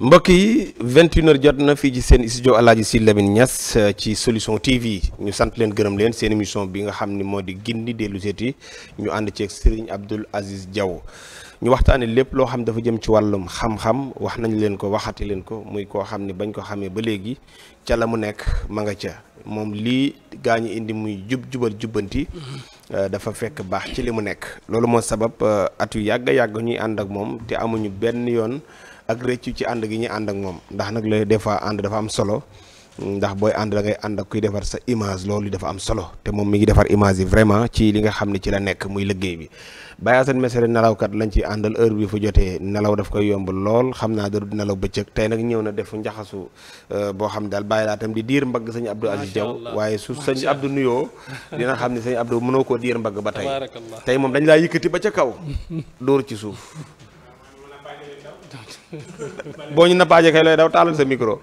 mbokk yi 21 jot na fii ci seen studio El si Sidy ñas ci solution TV ñu sant leen gërëm leen seen émission bi nga xam ni moo di gindi dellu seeti ñu ànd ceeg Serigne Abdoul Aziz Diaw ñu waxtaanee lépp loo xam dafa jëm ci wàllum xam-xam wax nañ leen ko waxati leen ko muy koo xam ni bañ ko xamee ba léegi ca la mu nekk ma nga ca moom lii gaa ñu indi muy jub jubal jubbanti. Mm-hmm. Euh, dafa fekk baax ci li mu nekk. loolu moo sabab euh, at yu yàgg yàgg ñuy ànd ak moom te amuñu benn yoon. ak rëccu ci ànd gi ñu ànd ak moom ndax nag lay des fois ànd dafa am solo ndax booy ànd da ngay ànd ak kuy defar sa image loolu dafa am solo te moom mi ngi defar image yi vraiment ci li nga xam ne ci la nekk muy liggéey bi Baye Assane Mesere nelawkat lañ ci àndal heure bi fu jotee nelaw daf koy yomb lool xam naa dara du nelaw bëccëg tey nag ñëw na def njaxasu euh, boo xam daal bàyyi laa tam diir mbagg sëñ Abdou Aziz Diaw waaye su sëñ Abdou nuyoo dina xam ne sëñ Abdou mënoo koo diir mbagg ba tey tey moom dañ laa yëkkati ba ca kaw dóor ci suuf boo ñu nappaaje kay looy daw taalal sa micro.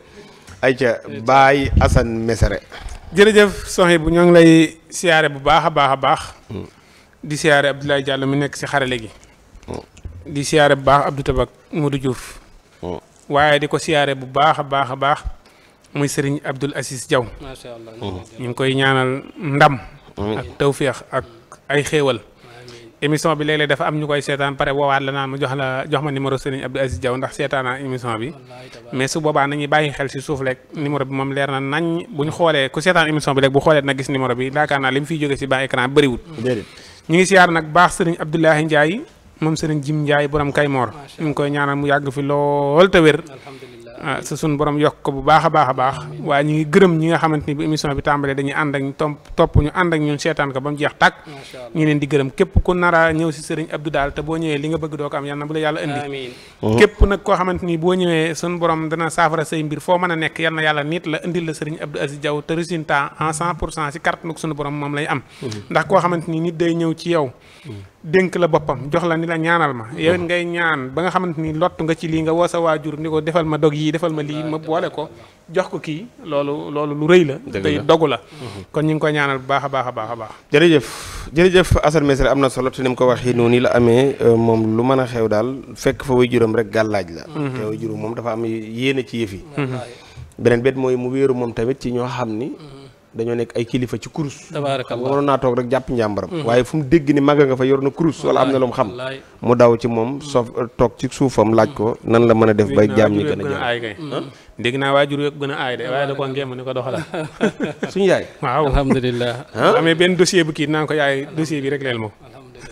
ayca Baye Assane Mesere. jërëjëf soxna bu ñoo ngi lay siyaare bu baax a baax a baax. Hmm. di siyaare Abdoulaye jàll mu nekk si xarale gi. Hmm. di siyaare bu baax Abdou Tabak Modou Diouf. Hmm. waaye di ko siyaare bu baax a baax a baax muy sëriñ Abdoul asis Diaw. macha allah ñu ngi koy ñaanal ndam. ak tawféex ak ay xéewal. émission bi léeg-léeg dafa am ñu koy seetaan pare woowaat la naan mu jox la jox ma numéro Serigne Abdou Aziz Diaw ndax seetaanaa émission bi mais su boobaa nañuy bàyyi xel si suuf rek numéro bi moom leer na nañ bu ñu xoolee ku seetaan émission bi rek bu xoolee na gis numéro bi yaakaar naa li mu fiy jóge si ban écran bëriwul ñu ngi siyaar nag baax Serigne Abdoulahi Ndiaye moom Serigne Jim Ndiaye borom Kaymoor ñu koy ñaanal mu yàgg fi lool te wér Ah, sa sunu borom yokk ko bu baax a baax a baax waaye ñu ngi gërëm ñi nga xamante ni bu émission bi tàmbalee dañuy ànd ak ñu topp ñu ànd ak ñun seetaan ko ba mu jeex tàkk ñu leen di gërëm képp ku nara ñëw si sëriñ Abdou daal te boo ñëwee li nga bëgg doo ko am yal na bu la yàlla indi uh-huh. képp nag koo xamante boo ñëwee sunu borom dana saafara say mbir foo mën a nekk yal na yàlla nit la indil la sëriñ Abdou Aziz Diaw te résultat en cent pour cent si carte nag sunu borom moom lay am uh-huh. ndax koo xamante ni nit day ñëw ci yow uh-huh. dénk la boppam jox la ni la ñaanal ma yow it ngay ñaan ba nga xamante ni lott nga ci lii nga woo sa waajur ni ko defal ma dog yii defal ma lii ma boole ko jox ko kii loolu lu rëy la day dogu la mhm. kon ñu ngi koy ñaanal bu baax a baax a baax a baax jërëjëf jërëjëf Assane Mesere am na solo te ni mu ko waxee noonu la amee euh, moom lu mën a xew daal fekk fa way juróom rek gàllaaj la mhm. te way juróom moom dafa am yéene ci yëf yi mhm. beneen bét mooy mu wéeru moom tamit ci ñoo xam ni dañoo nekk ay kilifa ci kurus tabarakallah waroon naa toog rek jàpp njàmbaram mm-hmm. waaye fu mu dégg ni màgg nga fa yor na kurus wala am na lu mu xam mu daw ci moom sof mm-hmm. toog ci suufam laaj ko nan la mën a def bay jaam ñi gën a mm-hmm. dégg naa waajur yëpp gën a aay de waaye da ko ngéem ni ko doxalal suñu yaay waaw alhamdulilah amee benn dossier bu kii naan ko yaay dossier bi rek leen moom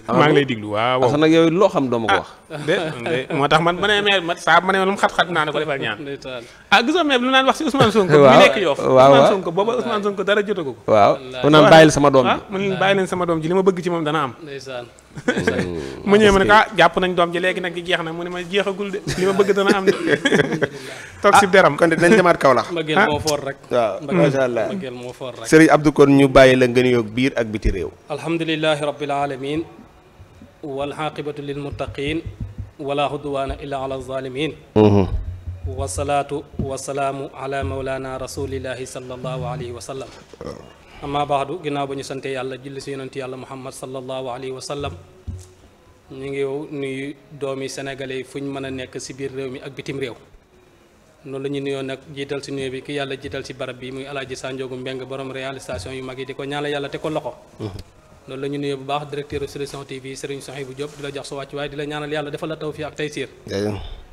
Ah, maa ngi lay diglu waaw waaw. Ah, nag yow loo xam doo ma ko wax. Ah, de moo tax man ma ne ma saa ma ne ma lu mu xat-xat naa ne ko defal ñaan. ah gisoo mais lu naan wax si Ousmane Sonko. waaw waaw mi nekk Yoff Ousmane Sonko booba Ousmane Sonko dara jotagu ko. waaw ma bëgg ci moom mm. ma ne ko ah jàpp nañ doom ji léegi nag gi na mu ne ma jeexagul de li ma bëgg dana am de. toog si deram kon de nañ demaat Kaolack. mbëggeel moo for rek. waaw macha allah mbëggeel moo for rek. Serigne Abdou kon ñu bàyyi la ngeen yoog biir ak biti réew. alhamdulilah rabbil alamin wal xaaqibatu lil muttaqin wala xudwaana illa ala zalimin wasalaatu wasalaamu ala mawlana rasulillahi sallallahu alayhi wa sallam amma baaxdu ginnaaw ba ñu sante yàlla julli si yonent yàlla muhammad sallallahu alayhi wa sallam ñu ngi nuyu doomi sénégalais yi fu ñu mën a nekk ci biir réew mi ak bitim réew noonu la nuyoon nuyoo nag jiital si nuyoo bi ki yàlla jiital si barab bi muy alaaji Sanjoogu Mbeng borom réalisation yu mag yi di ko ñaanal yàlla te ko loxo mhmm. noonu la ñu nuyee bu baax directeur solution TV Serigne Sohibou Diop di la jox sa wàcc waaye di la ñaanal yàlla defal la tawfiq ak taysiir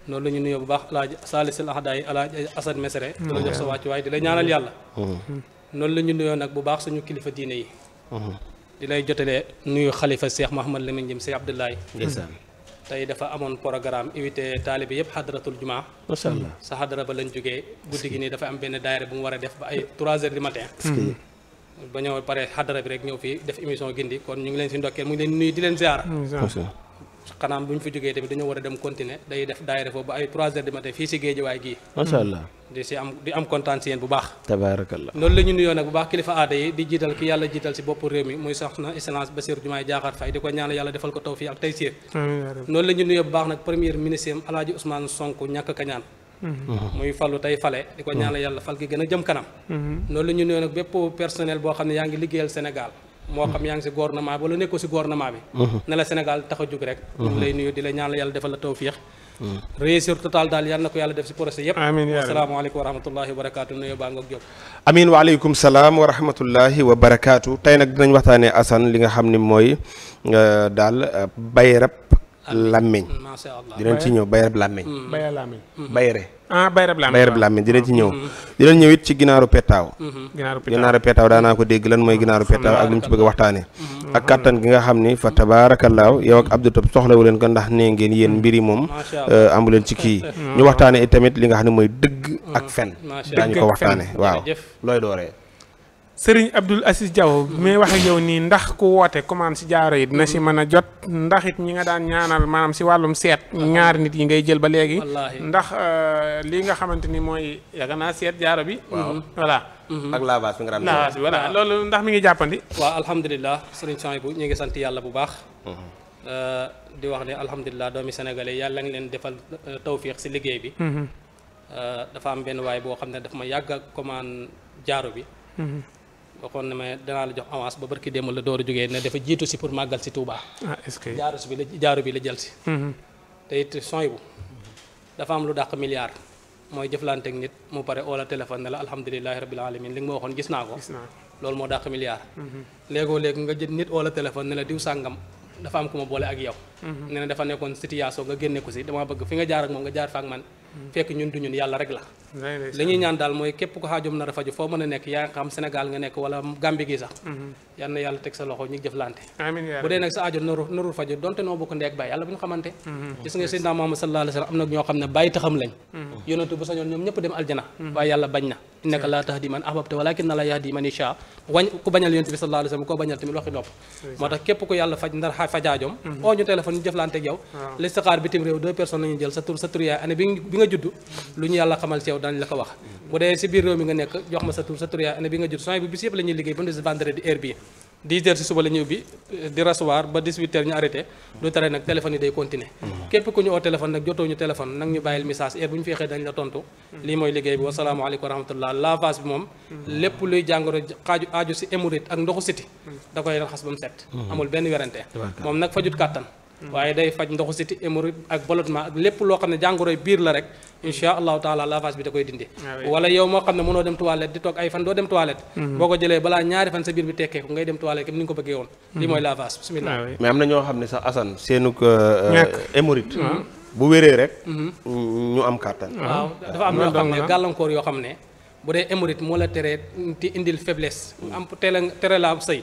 noonu la ñu nuyoo bu baax alaaji Salis El Ahdaay alaaji Assane di la jox sa wàcc waaye di la ñaanal yàlla mm-hmm. noonu la ñu nuyoo nag bu baax suñu kilifa diine yi mm-hmm. di lay jotalee nuyu xalifa Cheikh Mouhamad Lamine Jim Sey tey dafa amoon programme invité taalibe yëpp xadratul jumaa macha sa xadra ba lañ jógee guddi gi nii dafa am benn daayira bu mu a def ba ay ba ñëw pare xaddara bi rek ñëw fii def émission gindi kon ñu ngi leen si ndokkeel mu ngi leen nuyu di leen ziar. xanaa bu ñu fi jógee tamit dañoo war a dem continuer day def daayira foofu ba ay 3 heures du matin fii si géejiwaay mm. di am di si yéen bu baax. tabaarakallah loolu la ñu nuyoo nag bu baax kilifa aada yi di jiital ki yàlla jiital si bopp réew mi muy soxna excellence Bassirou Diomaye Diakhar Faye di ko ñaanal yàlla defal ko tawfiq ak taysiir. amiin noonu la ñu bu baax nag premier ministre am Alaaji Ousmane Sonko ñàkk Mm-hmm. muy falu tey fale di ko ñaanal yàlla fal gi gën a jëm kanam loolu mm-hmm. la ñu nee nag bépp personnel boo xam ne yaa ngi liggéeyal Sénégal moo xam mm-hmm. yaa ngi si gouvernement bi wala nekkoo si gouvernement bi ne la Sénégal tax a jug rek ñu ngi lay nuyu di la ñaanal yàlla defal la tawfiix réussir total daal yal na ko yàlla def si projet yëpp amiin asalaamaaleykum wa rahmatullahi wa barakaatu nuyu baa ngoog Diop amiin waaleykum salaam wa rahmatullahi wa barakaatu tey nag dinañ waxtaanee Assane li nga xam ne mooy euh, daal euh, bay rab làmmiñ dinañ ci ñëw bayerab làmmiñ bayere mm-hmm. ah bayerab làmmiñ bayerab làmmiñ dinañ ci ñëw mm-hmm. dinañ ñëw it ci ginaaru pettaaw mm-hmm. ginaaru pettaaw daanaa ko dégg lan mooy ginaaru pettaaw ak lu ci bëgg a waxtaane ak kàttan gi nga xam ni fa laaw yow ak Abdou Top soxlawu leen ko ndax nee ngeen yéen mbiri moom euh, amu leen ci kii ñu waxtaane it tamit li nga xam ne mooy dëgg ak fen daañu ko waxtaane waaw looy dooree sëriñ Abdul Aziz Diaw mi wax ak yow nii ndax ku woote commande si jaaro yi dina si mën a jot ndax it ñi nga daan ñaanal maanaam si wàllum seet ñaari nit yi ngay jël ba léegi ndax euh, lii nga xamante ni mooy yaakaar naa seet jaaro bi mhm. voilà mhm. ak lavage bi nga daan lavage loolu ndax mi ngi jàppandi waa alhamdulilah sëriñ Sang bu ñu ngi sant yàlla bu baax mhm. euh, di wax ne alhamdulilah doomi sénégalais yàlla ngi leen defal euh, tawfiix si liggéey bi dafa am benn waay boo xam ne daf ma yàgg ak commande bi waxoon na ma danaa la jox avance ba barki démb la door a jógee ne dafa jiitu si pour màggal si Touba. ah est-ce que jaaru si bi la jaaru bi la jël si. Mm-hmm. te it sony bu dafa am lu dàq milliard mooy jëflante ak nit mu pare oo la téléphone ne la alhamdulilahi rabbil alamin li nga ma waxoon gis naa ko. loolu moo dàq milliard. Mm-hmm. léegoo léegi nga jël nit oo la ne la diw sàngam dafa am ku ma boole ak yow. Mm-hmm. ne ne dafa nekkoon situation nga génne ko si dama bëgg fi nga jaar ak moom nga jaar li ñuy ñaan daal mooy képp ko xaajom nar a faju foo mën a nekk yaa nga xam Sénégal nga nekk wala Gambie gi a mm-hmm. yal na yàlla teg sa loxo ñu jëflante bu dee bitim réew deux personnes la jël sa tur sa tur yaay année bi nga judd mm-hmm. lu ñu yàlla xamal ci daañu la ko wax bu dee si biir réew mi nga nekk jox ma sa tur sa tur yaay année bi nga jur soin bi bis yëpp la liggéey ba mu des vendredi heure bii 10 heures si suba la ñu ubbi di rasoir yi day continuer képp ku ñu oo téléphone nag jotoo ñu téléphone nag ñu bàyyil message heure mooy liggéey bi wasalaamaaleykum wa rahmatullah bi moom lépp luy jàngoro xaaju aaju si émorite ak ndoxu siti da koy raxas ba mu set hmm. amul benn werante moom nag fajut kàttan Mm-hmm. waaye day faj ndoxu siti hémorroïde ak ballonnement ak lépp loo xam ne jàngoroy biir la rek insha allahu taala lavage bi da koy dindi ah wala yow moo xam ne mënoo dem toilette di toog ay fan doo dem toilette mm-hmm. boo ko jëlee balaa ñaari fan sa biir bi tekkee ko ngay dem toilette comme ni nga ko bëggee woon mm-hmm. li mooy lavage bismillah ah mais am na ñoo xam ne sax asan seenuk euh, hémorroïde euh, bu wéree rek ñu am kàttan ah. waaw dafa am yoo xam ne gàllankoor yoo xam ne bu dee hémorroïde indil faiblesse am teel a tere la sëy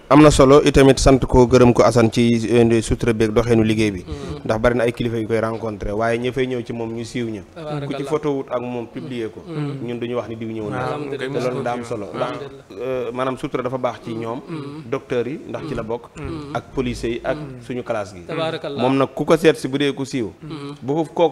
am na solo itamit sant ko gërëm ko Assane ci euh, sutura beeg doxeenu liggéey bi mm-hmm. ndax bari na ay kilifa yu koy rencontré waaye ña fay ñëw ci moom ñu siiw ña ku ci photo wut ak moom publier ko mm-hmm. ñun duñu wax ni diw ñëw na euh, mm-hmm. ku ko seet bu dee ku siiw bu ko ko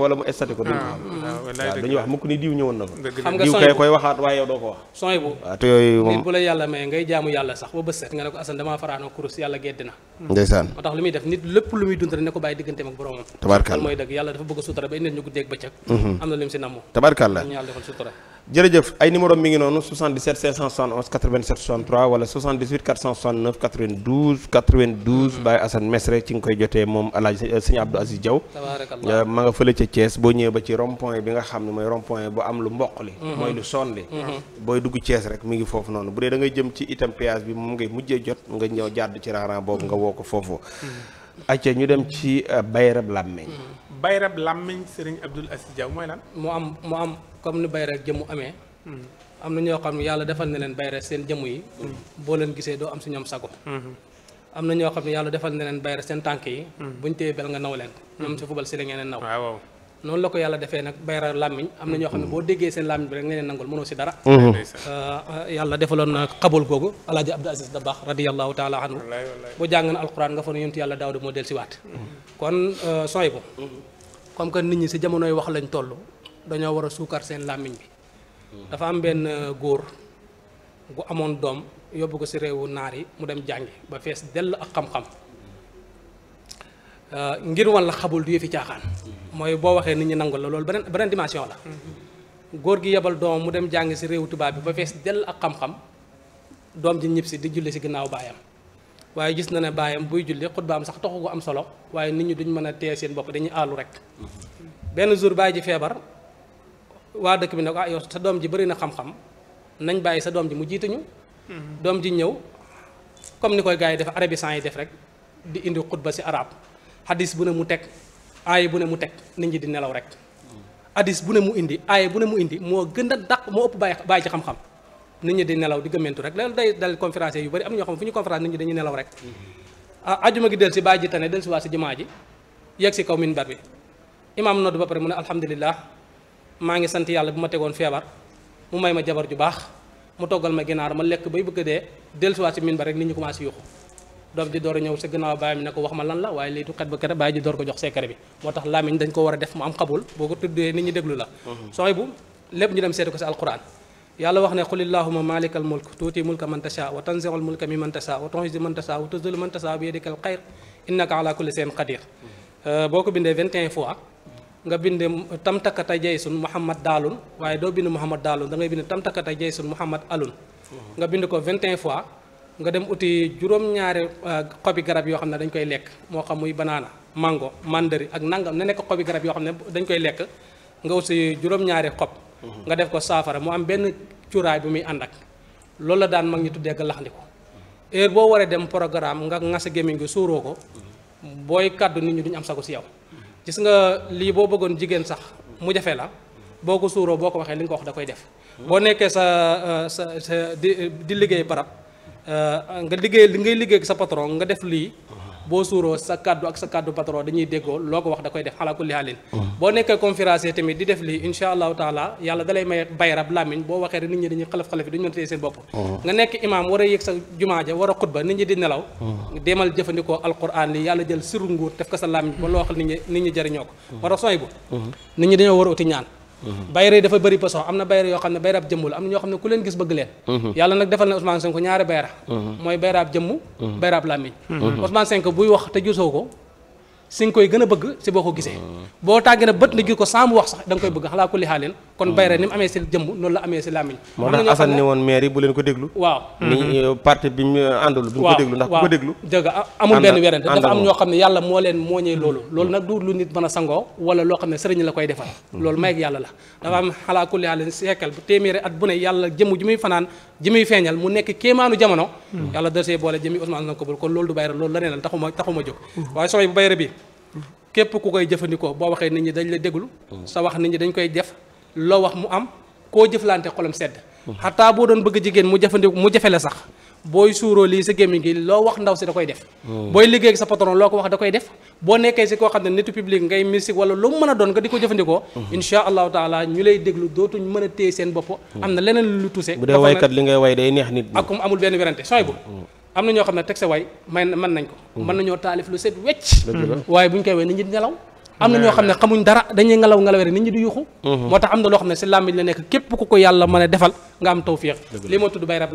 wala mu estaté ko duñ ko ah. xam ah, waaw dañuy wax mukk ni diw ñëwoon na ko diw kay koy waxaat waaye doo ko wax waaw te yooyu moom bu la ngay jaamu yàlla sax ba set nga ne ko Assane damaa faraanoo kurus yàlla gedd na ndeysaan moo tax lu muy def nit lépp lu muy dund rek ne ko bàyyi digganteem ak boromam tabarkalla mooy dëgg yàlla dafa bëgg sutura ba indil ñu guddeeg bëccëg mhm. am na lu mu si namm tabarkalla ñu yàlla jërëjëf ay numéro mi ngi noonu 77 571 87 63 wala 78 469 92 92 Baye Assane Mesre ci nga koy jotee moom El Hadj euh, Sëñ Abdou Aziz Diaw. Euh, boo ñëwee ba ci rond bi nga xam ne mooy rond point bu am lu mboq li. Mm-hmm. Mm-hmm. booy dugg Thiès rek mi ngi foofu noonu bu da ngay jëm ci itam péage bi moom ngay mujjee jot nga ñëw jàdd ci raaraan boobu nga woo ko foofu. Mm-hmm. acca ñu dem ci euh, Bayrab Lammeñ. Bayrab Lammeñ Serigne Abdoul Aziz Diaw mooy lan. mu am mu am. comme ni bayre jëmu amee hmm. am na ñoo xam ne yàlla defal na leen bayre seen jëmm yi hmm. boo leen gisee doo am si ñoom sago hmm. am na ñoo xam ne yàlla defal na leen la ngeen leen naw noonu la ko yàlla defee nag bayra làmmiñ am na ñoo xam ne boo déggee seen làmmiñ bi rek nga leen nangul mënoo si dara euh, yàlla defaloon na xabul googu alaaji abdou aziz dabaax radiallahu taala anhu bu jàng na alquran nga fa ne yonent yàlla daawda moo del si waat kon euh, sooy bu comme que nit ñi si jamonoy wax lañ toll dañoo war a suukar seen làmmiñ bi dafa am benn euh, góor gu amoon doom yóbbu ko ci réewu naar yi mu dem jàngi ba fees dell ak xam-xam euh, ngir walla xabul du fi caaxaan mooy boo waxee nit ñi nangu la loolu beneen beneen dimension la góor gi yebal doom mu dem jàngi ci réewu tubaab bi ba fees dell ak xam-xam doom ji ñib si di julli ci ginnaaw baayam waaye gis na ne baayam buy julli xutbaam sax taxu ko am solo waaye nit ñi duñ mën a tee seen bopp dañuy àllu rek mm-hmm. benn jour ji feebar waa dëkk bi ne ko ah sa doom ji bëri na xam-xam nañ bàyyi sa doom ji mu jiituñu mm-hmm. doom ji ñëw comme ni koy gaa yi def arabisants yi def rek di indi xutba si arab hadis bu ne mu teg aaye bu ne mu teg nit ñi di nelaw rek mm-hmm. hadis bu ne mu indi aaye bu ne mu indi moo gën a daq moo ëpp bàyyi bàyyi ci xam-xam nit ñi di nelaw di gëmmentu rek loolu day dal conférence yu bari am ñoo xam fu ñu conférence nit ñi dañuy nelaw rek mm-hmm. ah ajuma gi del si bàyyi ji tane del si waa si jumaa ji yegg si kaw minbar bi imaam nodd mu alhamdulilah maa ngi sant yàlla bu ma tegoon feebar mu may ma jabar ju baax mu toggal ma ginaar ma lekk bay bëgg a dee dellusiwaat si min ba rek nit ñi commencé yuuxu doom ji door a ñëw sa gannaaw baay mi ne ko wax ma lan la waaye léegi xet ba kere baay ji door ko jox secret bi moo tax làmmiñ dañ ko war a def mu am xabul boo ko tuddee nit ñi déglu la mhm. soxi bu lépp ñu dem seetu ko si alquran yàlla wax ne qul illahuma malikal mulk tuuti mulka man wa tanziul nga bind tamtakata jaysun Muhammad daalun waaye doo bind Muhammad daalun da ngay bind tamtakata jaysun Muhammad alun nga bind ko vingt 21 fois nga dem uti juróom-ñaari euh, xobi garab yoo xam ne dañ koy lekk moo xam banaana mango mandari ak nangam na nekk xobi garab yoo xam ne dañ koy lekk nga uti juróom-ñaari xob mhm. nga def ko saafara mu am benn cuuraay bu muy ànd ak loolu la daan mag ñi tuddee ga ko heure boo waree dem programme nga ŋasa gémmiñ gi suuroo ko mhm. booy kàddu nit ñi duñu am sago si yow gis nga lii boo bëggoon jigéen sax mu jafe la boo ko suuroo boo ko waxee li nga ko wax da koy def boo nekkee sa euh, sa sa di di liggéey barab euh, nga liggéey li ngay liggéey sa patron nga def lii boo suuroo sa kaddu ak sa kaddu patron dañuy déggoo loo ko wax da koy def ala kulli haalin mm. boo nekkee conférencier tamit di def lii insha allahu taala yàlla dalay may bayrab làmmiñ boo waxee rek nit ñi dañuy xalaf-xalaf yi duñu mën a seen bopp mm. nga nekk imaam war a yëg sa jumaa ja war a xutba nit ñi di nelaw mm. demal jëfandikoo alquran li yàlla jël siru nguur def ko sa làmmiñ ba loo wax nit ñi nit ñi jëriñoo ko war a sooy bu nit ñi dañoo war Mhm. bayre dafa bëri façon am na bayre yoo xam ne bayrab jëmm la am na ñoo xam ne ku leen gis bëgg leen mhm. yàlla nag defal na Ousmane Sonko ñaari bayra mhm. mooy bayrab jëmm bayrab làmmiñ Ousmane Sonko buy wax te gisoo ko si nga koy gën a bëgg si boo ko gisee boo tàggee na bët ni gi ko sans wax sax da koy bëgg xalaa kulli xaalin kon hmm. bayra ni mu amee si jëmm noonu la amee si làmmiñ moo tax Assane ni woon maire yi bu leen ko déglu waaw ni hmm. euh, parti bi àndul bu ko déglu ndax bu ko déglu dëgg xam ne yàlla moo leen mooñee loolu loolu nag du lu nit mën a sangoo wala loo xam ne sëriñ la koy defal hmm. loolu may ak yàlla la dafa am xalaa kulli yàlla seekal at bu ne yàlla jëmm ji muy fanaan ji muy feeñal mu nekk kéemaanu jamono yàlla dasee boole jëmi Ousmane Sonko kon loolu du bayra loolu la nee lan taxuma taxuma jóg waaye soxna bu bayra bi képp ku koy jëfandikoo boo waxee nit ñi dañ la déglu sa wax nit ñi dañ koy def loo wax mu am koo jëflante xolam sedd xataa boo doon bëgg jigéen mu jëfandiku mu jafe la sax booy suuroo lii sa gémmiñ gi loo wax ndaw si da koy def oh. booy liggéey ak sa patron loo ko wax da koy def boo nekkee si koo xam ne nitu public ngay musique wala lu mën a doon nga ko jëfandikoo mm-hmm. insha allahu taala ñu lay déglu dootuñ mën a téye seen bopp mm-hmm. am na leneen lu tuse bu dee waykat li ngay way day neex nit akum amul benn werante sooy bu mm-hmm. am na ñoo xam ne teg sa way may mën nañ ko mën nañoo taalif lu set wecc waaye bu ñu koy way nit am na ñoo xam ne xamuñ dara dañuy ngelaw ngelaw rek nit ñi di yuuxu mm-hmm. moo tax am na loo xam ne si làmmiñ la nekk képp ku ko yàlla mën defal nga am tawfiix li ma tudd bayrab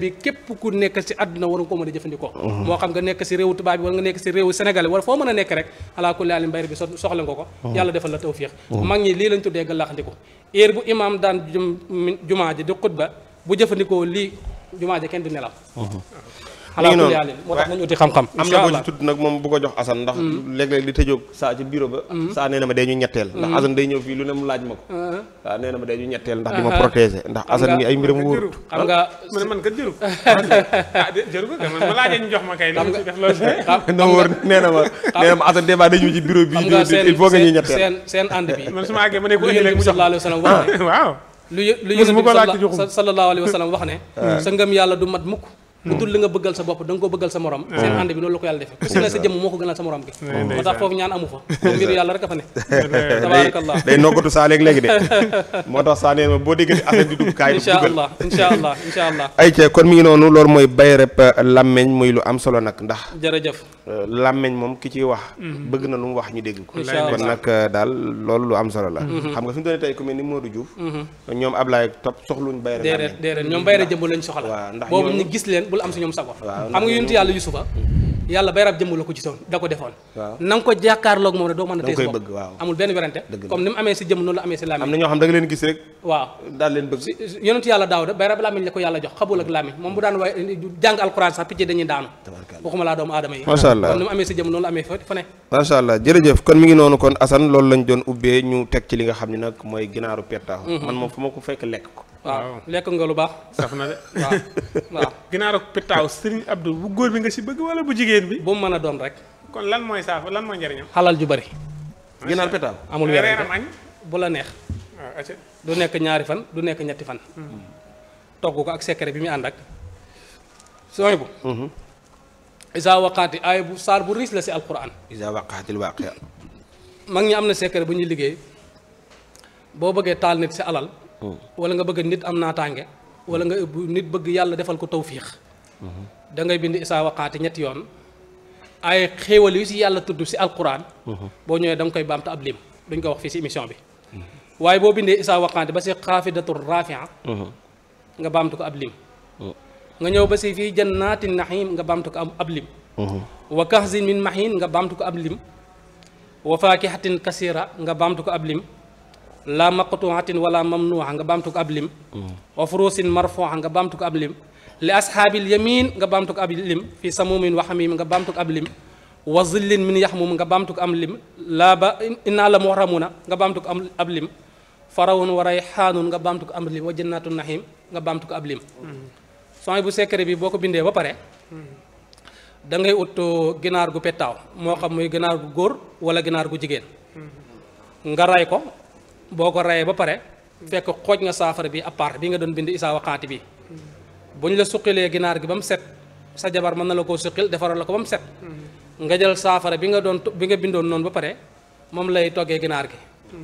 bi képp ku nekk si àdduna war nga ko mën jëfandikoo mm-hmm. moo xam nga nekk si réewu tubaab bi wala nga nekk si réewu sénégalais wala foo mën a nekk rek alaa kulli alim bayre bi soxla nga ko mm-hmm. yàlla defal la tawfiix mag ñi lii lañ tuddee galaxndiku heure bu imaam daan jumaa ji di xutba jumaa ja kenn du nelaw xalaatu mhm. yàlla moo tax nañu uti xam-xam am na ko ci tudd nag moom bu ko jox Assane ndax mm. léeg-léeg di tëjoog saa ci bureau ba mm. saa nee na ma day ñu ñetteel ndax mm. Assane day ñëw fii lu ne mu laaj ma ko uh-huh. waaw nee na ma day ñu ñetteel ndax di ma uh-huh. protéger ndax Assane mi ay mbiram wóorut xam nga ah, man man kat jëru ah, ñu jox ma kay li def loolu non wóor nee na ma nee na ma Assane débat dañu ci bureau bi il faut nga ñu ñetteel seen seen ànd bi man su ma àggee ma ne ko ëllëg mu jox sallallahu ah, waaw lu lu yonent bi sallallahu alayhi wa sallam wax ne ah. sa ngëm yàlla du mat mukk lu dul li nga bëggal sa bopp da nga ko bëggal sa morom seen ànd bi loolu la ko yàlla defe ku si ne sa jëmm moo ko gënal sa morom gi moo tax foofu a boo déggee affaire di dugg kaay insha allah insha mi ngi noonu loolu mooy bay rep uh, làmmeñ muy lu am solo nag ndax jërëjëf uh, làmmeñ moom ki ciy wax mm-hmm. bëgg na lu mu wax ñu dégg ko kon uh, lu am solo la mm-hmm. xam nga fi mu doon tey ku mel ni mm-hmm. gis leen bul am si ñoom sago xam nga yonent yàlla yusufa yàlla bay jëmm la ko gisoon da ko defoon na ko jàkkaarloog moom ne a ko yàlla jox xabul ak làmmiñ moom bu daan waay jàng alxuraan sax picc dañuy daanu waxuma laa doomu aadama yi macha allah jërëjëf kon mi ngi noonu kon Assane loolu lañ doon ubbee ñu teg ci li nga xam ne nag mooy ginaaru pettaaw mm-hmm. man moom fu ma ko fekk lekk ko waaw lekk nga lu baax. saf na de waaw ginaaru pittaaw sëriñ Abdou bu góor bi nga si bëgg wala bu jigéen bi. bu mu mën a doon rek. kon lan mooy saaf lan mooy njëriñam. xalal ju bari. amul weeram añ bu la neex. Ah, du nekk ñaari fan du nekk ñetti fan. Hmm. togg ko ak secret bi muy ànd ak. sooy bu. Mhm. Isa waqaati aay bu saar bu riis la si alquran. Isa waqaatil waaqia. mag ñi am na secret bu ñuy liggéey boo bëggee taal nit si alal. wala nga bëgg nit am naataange wala nga nit bëgg yàlla defal ko tawfiix da ngay bind isaa waqaati ñetti yoon ay xéewal yu si yàlla tudd si alquran boo ñëwee da nga koy baamta ab lim duñ ko wax fii si émission bi waaye boo bindee isaa waqaati ba si xaafidatur rafia nga baamtu ko ab lim nga ñëw ba si fii jannaati naxiim nga baamtu ko ab lim wa kahzin min mahin nga baamtu ko ab lim wa faakihatin kasira nga baamtu ko ab lim laa maqtuatin wala mamnuha nga baamtu ko ab lim mm. wa furusin marfuha nga baamtu ko ab lim li ashaabil yamin nga baamtu ko ab lim fi samumin wa xamim nga baamtu ko ab lim wa zillin min yaxmum nga baamtu ko am lim laa ba innaa la moo muhramuna nga baamtu ko am ab lim farawun wa rayxaanun nga baamtu ko am lim wa jannatu naxim nga baamtu ko ab lim mm. sooy bu secret bi boo ko bindee ba pare mm. da ngay ut uh, ginaar gu pettaaw moo xam muy ginaar gu góor wala ganaar gu jigéen nga ray ko boo ko rayee ba pare fekk xooj nga saafara bi appart bi nga doon bind isaa waxaati bi bu ñu la suqilee ginaar gi ba mu set sa jabar mën na la koo suqil defaral la ko ba mu set nga jël saafara bi nga doon bi nga bindoon noonu ba pare moom lay toggee ginaar gi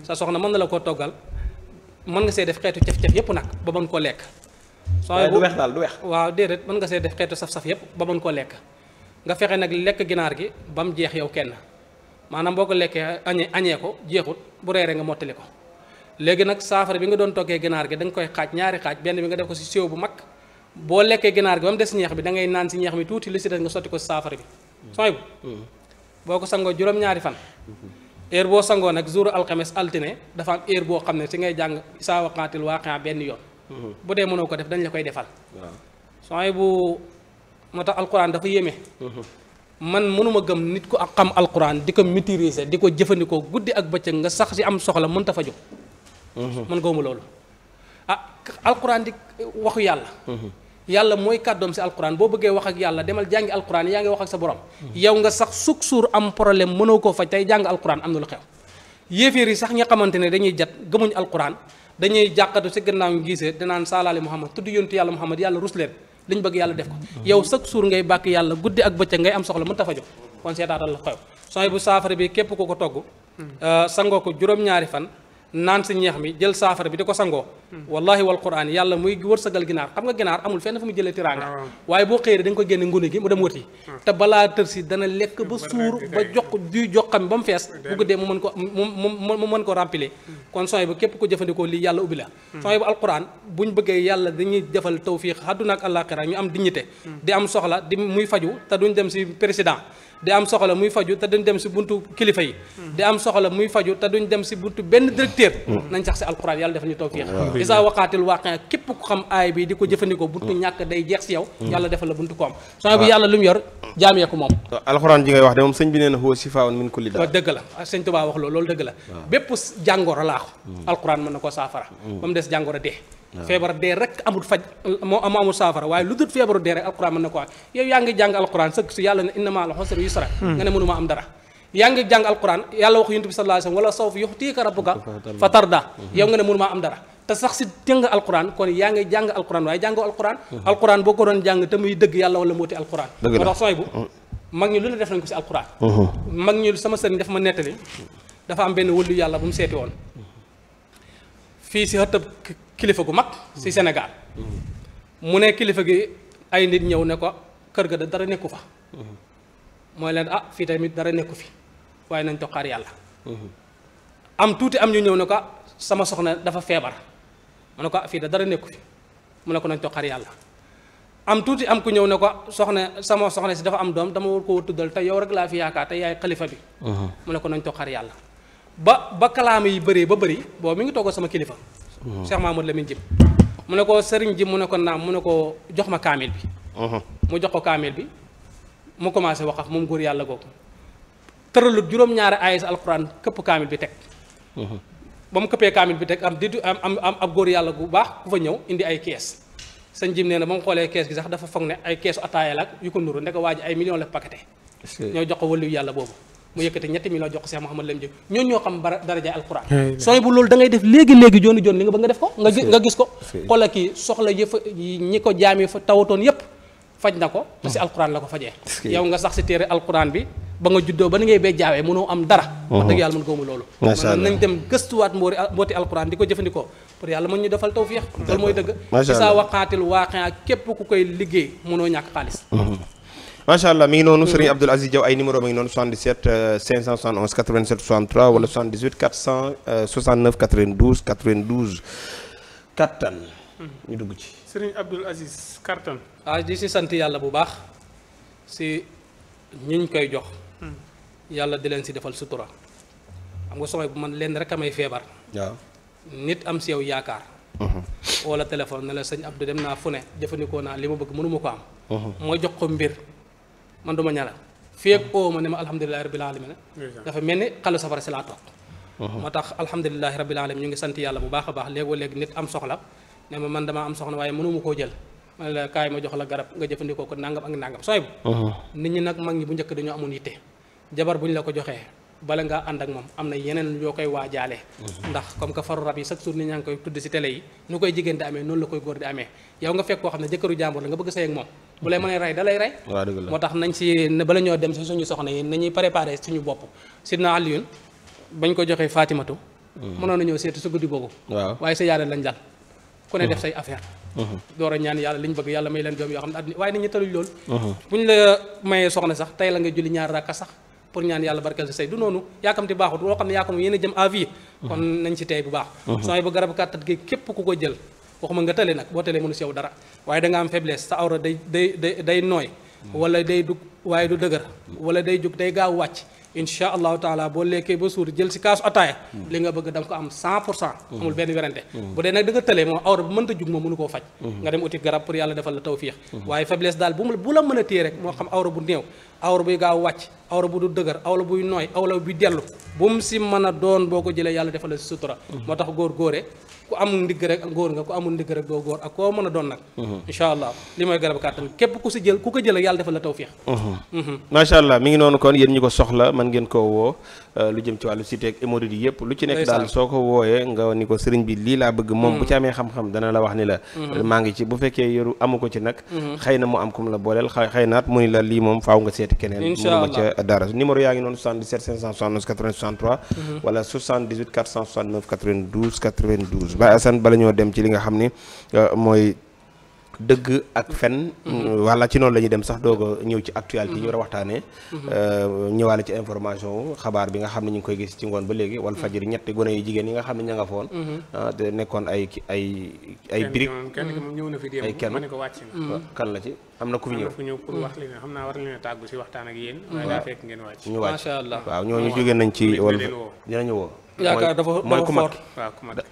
sa soxna mën na la koo toggal mën nga see def xeetu caf-caf yépp nag ba mën koo lekk soo du weex daal du weex waaw déedéet mën nga see def xeetu saf-saf yépp ba mën koo lekk nga fexe nag lekk ginaar gi ba mu jeex yow kenn maanaam boo ko lekkee añee añee ko jeexut bu reeree nga mottali ko léegi nag saafara bi nga doon toggee ganaar gi da koy xaaj ñaari xaaj benn bi nga def ko si séew bu mag boo lekkee ginaar gi ba mu des ñeex bi da naan si ñeex bi tuuti li si des nga sotti ko si saafara bi sooy bu mm-hmm. boo ko sangoo juróom-ñaari fan mm-hmm. heure boo sangoo nag jour alxemes altine dafa am heure boo xam ne si ngay jàng saa waa waaqia benn yoon mm-hmm. bu dee mënoo ko def dañ la koy defal sooy bu moo tax alquran dafa yéeme man mënuma gëm nit ku ak xam alquran di ko maîtriser di ko jëfandikoo guddi ak bëccëg nga sax si am soxla mën ta fa jóg Mhm. man gawma loolu ah alquran di waxu yàlla mhm. yàlla mooy kàddoom si alquran boo bëggee wax ak yàlla demal jàngi alquran yaa ngi wax ak sa borom mhm. yow nga sax suk suur am problème mënoo koo faj tey jàng alquran am na lu xew yéeféer yi sax nga xamante ne dañuy jat gëmuñ alquran dañuy jàqatu si gannaaw ngi gisee danaan saalaale muhammad tudd yontu yàlla muhammad yàlla rus leen liñ bëgg yàlla def ko yow chaque jour ngay bàkk yàlla guddi ak bëccëg ngay am soxla mën ta fa jox kon seetaatal la xew sooy bu saafara bi képp ko ko togg euh, sangoo ko juróom-ñaari fan naan si ñeex mi jël saafara bi di ko sangoo hmm. wallahi wal quraan yàlla muy wërsëgal ginaar xam nga ginaar amul fenn fu mu jëlee tiraanga ah. waaye boo xëyee da nga ko génne ngune gi mu dem wëti ah. te balaa tër si dana lekk ba suur ba jox juy joxam ba mu fees bu guddee mu mën ko mu mu mën ko remplir hmm. kon sony bu képp ko jëfandikoo lii yàlla ubbi la sony bu ñu bëggee yàlla dañuy defal tawfiq àdduna ak àllaaxira ñu am dignité hmm. di am soxla di muy faju te duñ dem si président di am soxla muy faju te duñ dem si buntu kilifa yi di am soxla muy faju te duñ dem si buntu benn directeur nañ sax si alquran yàlla defal ñu tawfiq isa waqaatil waaqia képp ku xam aay bi di ko jëfandikoo buntu ñàkk day jeex si yow mm. yàlla defal la buntu koom ah. sama yàlla lu mu yor jaamee ko moom ah, alquran ji ngay wax de moom sëñ bi nee na huwa shifaa'un min kulli daa dëgg la ah, sëñ wax loolu loolu dëgg la bépp jàngoro laaxu mm. alquran mën na ko saafara mm. ba mu des jàngoro dee feebar dee rek amul faj moo amul saafara waaye lu dul feebaru dee rek alquran mën na ko wax yow yaa ngi jàng alquran sëkk si yàlla ne inna maa hmm. nga ne mënuma am dara yaa ngi jàng alquran yàlla wax yonent bi sallallahu alayhi wasallam wala sawfa yuxtiika rabbuka fatarda hmm. yow nga ne mënuma am dara te sax si jàng alquran kon yaa ngi jàng alquran waaye jàngoo alquran hmm. alquran boo ko doon jàng te muy dëgg yàlla wala mbooti alquran moo tax sooy bu mag ñi lu ne def nañ ko si alquran mag ma nettali dafa am benn wëllu yàlla bu mu seeti woon fii si xëtëb kilifa gu mag si Sénégal mu ne kilifa gi ay nit ñëw ne ko kër ga da dara nekku fa mooy leen ah fii tamit dara nekku fi waaye nañ toqaar yàlla am tuuti am ñu ñëw ne ko sama soxna dafa feebar mu ne ko ah fii nekku nañ toqaar yàlla am tuuti am ku ñëw ne ko soxna sama soxna si dafa am doom dama war koo tuddal te yow rek laa fi yaakaar te yaay xalifa bi mu ne ko nañ toqaar yàlla ba ba kalaama yi bëree ba bëri boobu mi ngi toog sama kilifa Cheikh Mamadou Lamine Jim mu ne ko sëriñ Jim mu ne ko naam mu ne ko jox ma kaamil bi uh-huh. mu jox ko kaamil bi mu commencé wax ak moom góor yàlla googu tëralut juróom-ñaari ayis alquran këpp kaamil bi teg uh-huh. ba mu këppee kaamil bi teg am di am am am ab góor yàlla gu baax ku fa ñëw indi ay kees sëñ Jim nee na ba mu xoolee kees bi sax dafa foog ne ay keesu ataaya la yu ko nuru ndeke waa ji ay million la pakate ñoo jox ko wàllu yàlla boobu mu yëkkati ñetti million jox ko Cheikh Mouhamadou Lamine Diop ñoon ñoo xam bara daraja alquran sooy bu loolu da ngay def léegi-léegi jooni joon li nga bëgg nga def ko nga gis ko xoolal kii soxla yëfa ñi ko jaami fa tawatoon yépp faj na ko te si ah. la ko fajee yow nga sax si téere alquran bi ba nga juddoo ba ni ngay bee jaawee mënoo am dara wax dëgg yàlla mën koo mu loolu nañ dem gëstuwaat mboori mbooti alquran di ko jëfandikoo pour yàlla mën ñu defal tawfiix loolu mooy dëgg saa waqaatil waaqe képp ku koy liggéey mënoo ñàkk xaalis macha allah mi ngi noonu Serigne Abdoul Aziz Diaw ay numéro mi ngi noonu 77 571 87 63 wala 78 469 92 92 kattan. ñu dugg ci. Serigne Abdoul Aziz ah, di si sant yàlla bu baax si ñiñ koy jox. Hmm. yàlla di leen si defal sutura. xam nga soxna bu leen rek amay feebar. waaw nit am si yow yaakaar. Hmm. wala téléphone ne la sëñ Abdou dem naa fu ne jëfandikoo naa li ma bëgg mënuma ko am. Hmm. mooy jox ko mbir. man du ma ñalal fii ak oo ma ne ma alhamdulilahi rabbil alamin dafa mel ni xalu safara si laa toog moo tax alhamdulilahi rabbil alamin ñu ngi sant yàlla bu baax a baax léegoo léegi nit am soxla ne ma man damaa am soxla waaye mënuma koo jël ma la kaay ma jox la garab nga jëfandikoo ko nangam ak nangam sooy bu nit ñi nag mag ñi bu njëkk dañoo amoon yitte jabar bu ñu la ko joxee bala ngaa ànd ak moom am na yeneen yoo koy waajaale ndax comme que faru rab yi chaque jour nit ñaa ngi bu lay mënee rey da lay rey moo tax nañ si bala ñoo dem si suñu soxna yi nañuy préparé suñu bopp sidna Aliyun bañ ko joxee Faatimatu hmm. mënoon na ñëw seetu su guddi boobu waaye sa yaara lañ dal ku ne hmm. def say affaire hmm. door a ñaan yàlla bëgg yàlla may leen doom yoo xam ne àddina waaye nit ñi taluñ loolu bu ñu la mayee soxna sax tey la nga julli ñaar rakka sax pour ñaan yàlla barkeel sa say du noonu yaakamti baaxut loo xam ne yaakam yéen a jëm à kon nañ si tey bu baax sooy bu garab kàttat gi képp ku ko jël waxuma nga tële nag boo tëlee mënu si yow dara waaye da nga am faiblesse sa awra day day day nooy wala day dug waaye du dëgër wala day jug day gaaw wàcc incha allahu taala boo lekkee ba suur jël si kaasu ataaya li nga bëgg da nga ko am 100 pour cent amul benn werante bu dee nag da nga moom awra bu mënta jug moom mënu koo faj nga dem uti garab pour yàlla defal la tawfiix mm-hmm. waaye faiblesse daal bu mu bu la mën a téye rek moo xam awra bu néew awra buy gaaw wàcc awra bu du dëgër awla buy nooy awla buy dellu bu mu si mën a doon boo ko jëlee yàlla defal la si sutura mm-hmm. moo tax góor góore ku amul ndigg rek góor nga ku amul ndigg rek doo góor ak koo mën a doon nag mm-hmm. incha allah li mooy garab kàttan képp ku si jël ku ko jël yàlla defal mm-hmm. mi ngi noonu kon yéen ñi ko soxla man ngeen koo woo euh, lu jëm ci wàllu cité ak hémorroïde yëpp lu ci nekk daal soo ko wooyee nga ni ko sëriñ bi lii laa bëgg moom bu ci amee xam-xam dana la wax ni la maa ngi ci bu fekkee yoru seeti keneen. incha allah ca dara numéro yaa ngi noonu 77 569 80 63. wala 78 469 92 92 dem ci li nga xam ni euh, mooy. dëgg ak fen walla mhm. mm, ci noonu la ñuy dem sax doog a ñëw ci actualité yi ñu war a mhm. waxtaanee mhm. Euh, ñëwaale ci information xabaar bi nga xam ne ñu ngi koy gis ci ngoon ba léegi wal fajiri ñetti gone jigéen yi nga xam ne ña nga foon ah, te nekkoon ay ay ay birig ay kenn kan la ci am na ku fi ñëw waaw ñu wàcc waaw ñooñu jóge nañ ci wal dinañu woo yaakaar dafa dafa fort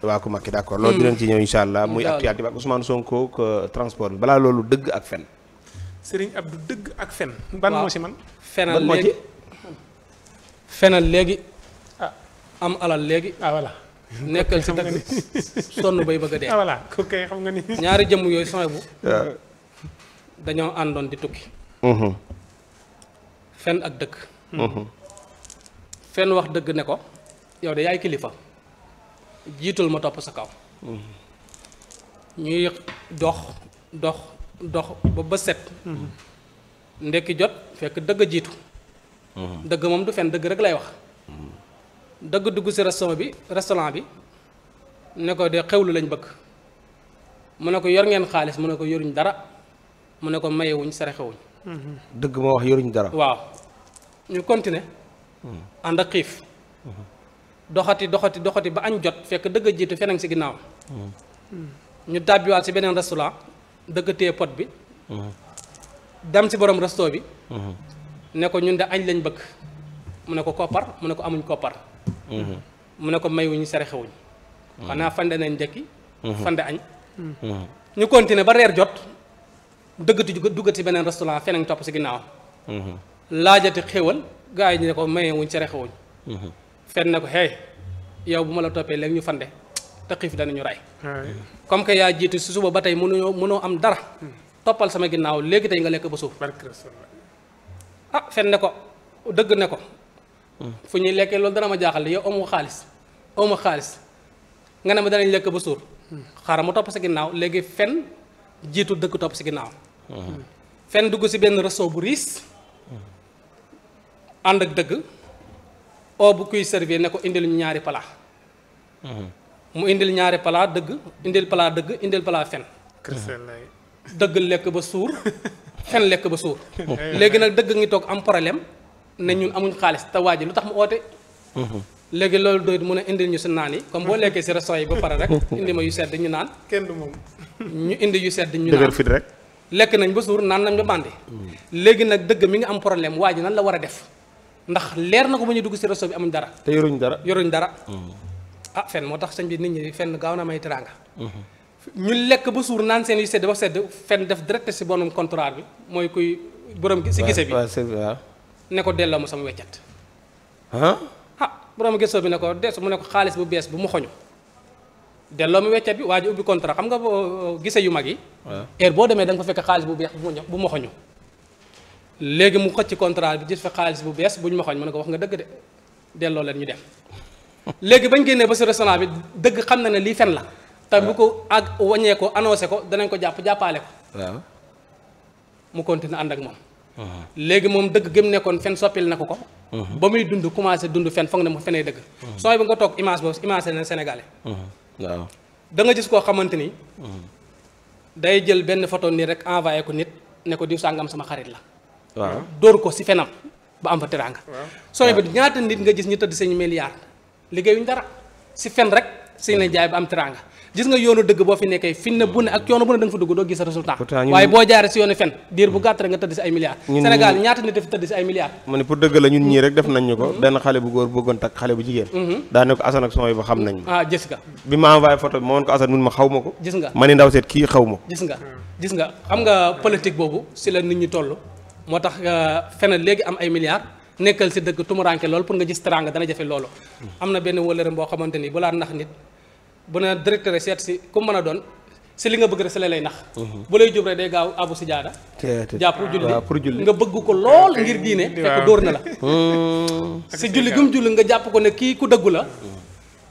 waaw ku makki d' accord loolu dinañ ci ñëw incha allah muy actualité bi ak Ousmane Sonko ak euh, transport bi balaa loolu dëgg ak fen Serigne Abdou dëgg ak fen ban moo si man fenal léegi fenal léegi ah. am alal léegi ah voilà nekkal si dëgg sonn bay bëgg dee ah, xam nga ni ñaari jëmm yooyu sooy bu dañoo àndoon di tukki mm-hmm. fen ak dëgg mm-hmm. fen wax dëgg ne ko yow de yaay kilifa jiitul ma topp sa kaw. ñuy dox dox dox ba ba set. ndekki jot fekk dëgg jiitu. dëgg moom du fen dëgg rek lay wax. dëgg dugg ci restaurant bi restaurant bi ne ko de xewlu lañ bëgg mu ne ko yor ngeen xaalis mu ne ko yoruñ dara mu ne ko mayewuñ sarexewuñ dëgg moo wax yoruñ dara. waaw ñu continuer hmm. ànd ak xiif. Hmm. doxati doxati doxati ba añ jot fekk dëgg jiitu feneen si ginnaaw mm. ñu tàbbiwaat si beneen restaurant dëgg téye pot bi mm. dem si borom resto bi mm-hmm. ne ko ñun de añ lañ bëgg mu ne ko koppar mu ne ko amuñ koppar mm-hmm. mu ne ko mayuñu serexewuñ mm-hmm. xanaa fande nañ njëkki fande añ ñu kontine ba reer jot dëggati dugg ti beneen restaurant feneen topp si ginnaaw laajati xéwal gars yi ñu ne ko mayewuñ serexewuñ fen na ko hey yow bu ma la toppee léegi ñu fande te xiif danañu rey comme que yaa jiitu si suba ba tey mënuñoo mënoo am dara hmm. toppal sama ginnaaw léegi tey nga lekk ba suuf ah fen ne ko dëgg ne ko hmm. fu ñuy lekkee loolu dana ma jaaxal yow amu xaalis amu xaalis nga ne ma danañ lekk ba suur hmm. xaaral ma topp sa ginnaaw léegi fen jiitu dëgg topp si ginnaaw fen dugg si benn réseau bu riis ànd ak dëgg oo bu kuy servir ne ko indil ñu ñaari palaa mu indil ñaari palaa dëgg indil pala dëgg indil pala fen dëgg lekk ba suur fen lekk ba suur léegi nag dëgg ngi toog am problème ne ñun amuñ xaalis te waa ji lu tax mu oote léegi loolu doyut mun a indil ñu si naan yi comme boo lekkee si restaurant yi ba pare rek indi ma yu sedd ñu naan kenn du moom ñu indi yu sedd ñu naan rek lekk nañ ba suur naan nañ ba bàndi mm. léegi nag dëgg mi ngi am problème waa ji nan la war a def ndax leer na ko bu ñu dugg si réseau bi amuñ dara. te yoruñ dara yoruñ dara. Hmm. ah fenn moo tax sëñ bi nit ñi fenn gaaw na may teraanga. Hmm. ñu lekk ba suur naan seen yu sedd ba sedd fenn def direct si bonum contrat bi mooy kuy borom si gise bi ne ko delloo mu sama weccat. ah borom gëstoo bi ne ko des mu ne xaalis bu bees bu mu xoñu. delloo mu weccat bi waa ji ubbi contrat xam nga boo gisee yu mag yi. heure boo demee da nga fa fekk xaalis bu beex bu mu bu mu xoñu. léegi mu xëcc contrat bi gis fa xaalis bu bees bu ñu ma xooñ ma ko wax nga dëgg de delloo leen ñu dem léegi bañ génnee ba si restaurant bi dëgg xam na ne lii fen la te bu ko ak waññee ko annoncé ko danañ ko jàpp jàppaale ko waaw mu continué ànd ak moom uh-huh. léegi moom dëgg gëm nekkoon fen soppil na ko ko uh-huh. ba muy dund commencé dund fen foog ne mu fenee dëgg uh-huh. sooy bi nga toog image boobu image na sénégalais waaw da nga koo xamante ni day jël benn photo nii rek envoyé ko nit ne ko diw sàngam sama xarit la waaw dóor ko si fenam ba am fa teraanga. sooy ba ñaata nit nga gis ñu tëdd seen milliard liggéeyuñ dara si fen rek si ne jaay ba am teraanga gis nga yoonu dëgg boo fi nekkee fin na bu ne ak yoonu bu ne da nga fa dugg doo gis résultat waaye boo jaaree si yoonu fen diir bu gàtt rek nga tëdd si ay milliards Sénégal ñaata nit dafa tëdd si ay milliards ma ne pour dëgg la ñun ñii rek def nañ ñu ko mm-hmm. benn xale bu góor bëggoon takk xale bu jigéen mm-hmm. daa ah, gis nga bi nga ma ne boobu si la nit ñi toll moo tax euh, fene léegi am ay milliards nekkal si dëkk tumuraanke lool pour nga gis teraanga dana jafe loolu am na benn wëllëram boo xamante ni bu laa nax nit bu na directeur seet si ku mën a doon si li nga bëgg rek si la lay nax mhm. bu lay jub rek day gaaw abu si jaada jàpp julli nga bëgg ko lool ngir diine fekk dóor na la mm. si julli gum julli nga jàpp ko ne kii ku dëggu la mm.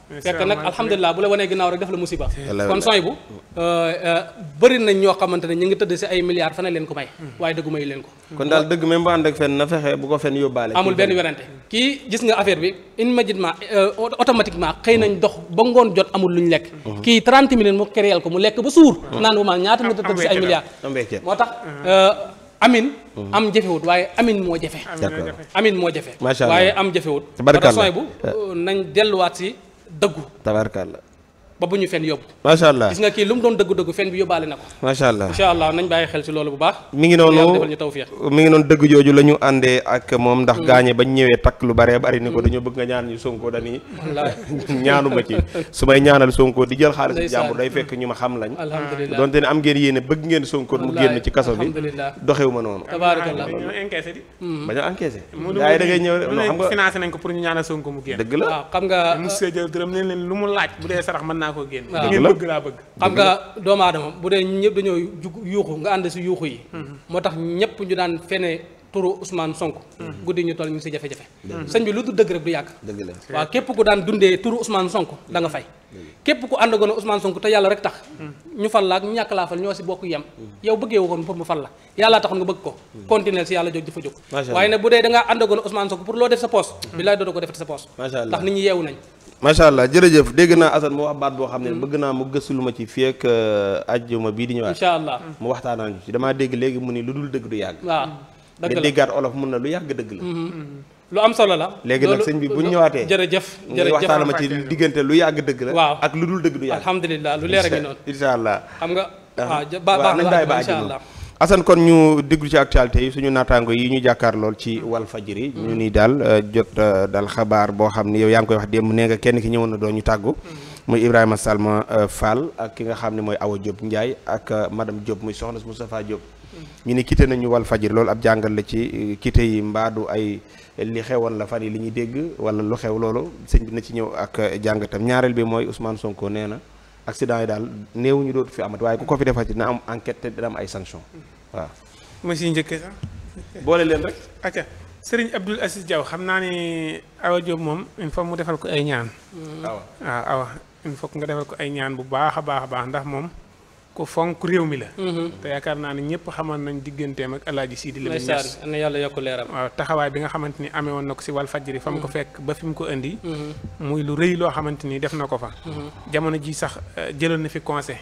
fekk nag alhamdulilah bu la wanee ginnaaw rek def la musiba kon sooy bu euh, euh, bëri nañ ñoo xamante ne ñu ngi tëdd si ay milliards fana leen ko may hmm. waaye dëggu mayu leen ko kon daal dëgg même bu ànd ak fen na fexe bu ko fen yóbbaale amul benn werante kii gis nga affaire bi immédiatement euh, automatiquement xëy nañ dox ba ngoon jot amul lu ñu lekk hmm. Hmm. kii 30 minutes mu créel ko mu lekk ba suur naan bu maa ñaata nit a tëdd si ay milliards moo tax amin am jafewut waaye amin moo jafe amin moo jafe waaye am jafewut baraka sooy bu eh. nañ delluwaat si dëggu tabarkalla ba bu ñu fen yóbbu macha allah gis nga kii lu mu doon dëgg-dëgg fen bi yóbbaale na ko macha allah incha allah nañ bàyyi xel ci loolu bu baax mi ngi noonu defal ñu ngi noonu dëgg jooju la àndee ak moom ndax mm. gaañe bañ ñëwee mm. ñaan ñu sonko dani ñaanuma ci su may ñaanal sonko di jël xaalis bi day fekk ñu ma xam lañ alhamdulilah ne am ngeen yéene bëgg ngeen sonko mu génn ci kaso bi doxewu noonu tabaarakallah ba ñu encaissé mm. gaa yi da ngay ñu ñaanal sonko mu génn naa ko génn li ngeen bëgg laa bëgg xam nga doomu aadama bu dee ñëpp dañoo yuuxu nga ànd si yuuxu yi mm-hmm. moo tax ñëpp ñu daan fene turu Ousmane Sonko mm-hmm. guddi ñu toll ñu si jafe-jafe sëñ bi lu du dëgg rek du yàgg waaw képp ku daan dundee turu Ousmane Sonko da nga fay képp ku ànd mm-hmm. ak ñu ñàkk laa fal ñoo si bokk yem yow bëggee woon pour mu fal la yàllaa taxoon nga bëgg ko continuer si yàlla jóg di fa jóg waaye ne bu dee da ànd goon Ousmane Sonko pour loo macha allah jërëjëf dégg naa Assane mu wax baat boo xam ne bëgg naa mu gëstu ma ci fii ak euh, bii di ñëwaat. incha allah mu waxtaanaan ci damaa dégg léegi mu ni lu dul dëgg du yàgg. waaw mm-hmm. dëgg la déggaat olof mun na lu yàgg dëgg la. Mm-hmm. Mm-hmm. lu am solo la. léegi nag sëñ bi bu ñu ñëwaatee. jërëjëf jërëjëf waxtaan ma ci diggante lu yàgg dëgg la. waaw ak lu dul dëgg du yàgg. alhamdulilah lu leer a ngi noonu. incha allah xam nga. Ah, waaw baax na baax na incha allah assan kon ñu diglu ci actualité yi suñu naataango yi ñu jàkkaar lool ci Walfadjri ñu ni daal euh, jot euh, daal xabaar boo xam ni yow yaa ngi koy wax démb nee nga kenn ki ñëwoon na doon ñu tàggu mm-hmm. muy Ibrahima Salma euh, Fall ak ki nga xam ne mooy Awa Diop Ndiaye ak madam Diop muy soxna Moustapha Diop mm-hmm. ñu ni quitté nañu wal Walfadjri loolu ab jàngal la ci quitté yi mbaadu ay li xewoon la fan yi li ñuy dégg wala lu xew loolu sëñ bi na ci ñëw ak jàngatam ñaareel bi mooy Ousmane Sonko nee na accident yi daal néew ñu dootu fi amati waaye ku ko fi defati dina am enquête te dina ay sanction waaw. ma siy sax. boole leen rek. acca sëriñ Abdul Aziz Diaw xam naa ne Awa Diop moom il faut mu defal ko ay ñaan. waaw ah, waaw il faut nga defal ko ay ñaan bu baax a baax a baax ndax moom. ko fonk réew mi la. Mhm. te yaakaar naa ne ñëpp xamoon nañ digganteem ak El Hadj Sidi Lamine Niass na yàlla yokk leeram waaw taxawaay bi nga xamante ni amee woon na ko si Walfadjri fa mu ko mhm. fekk ba fi mu ko indi. Mhm. muy lu rëy loo xamante ni def na ko fa. jamono ji sax eh, jëloon na fi conseil.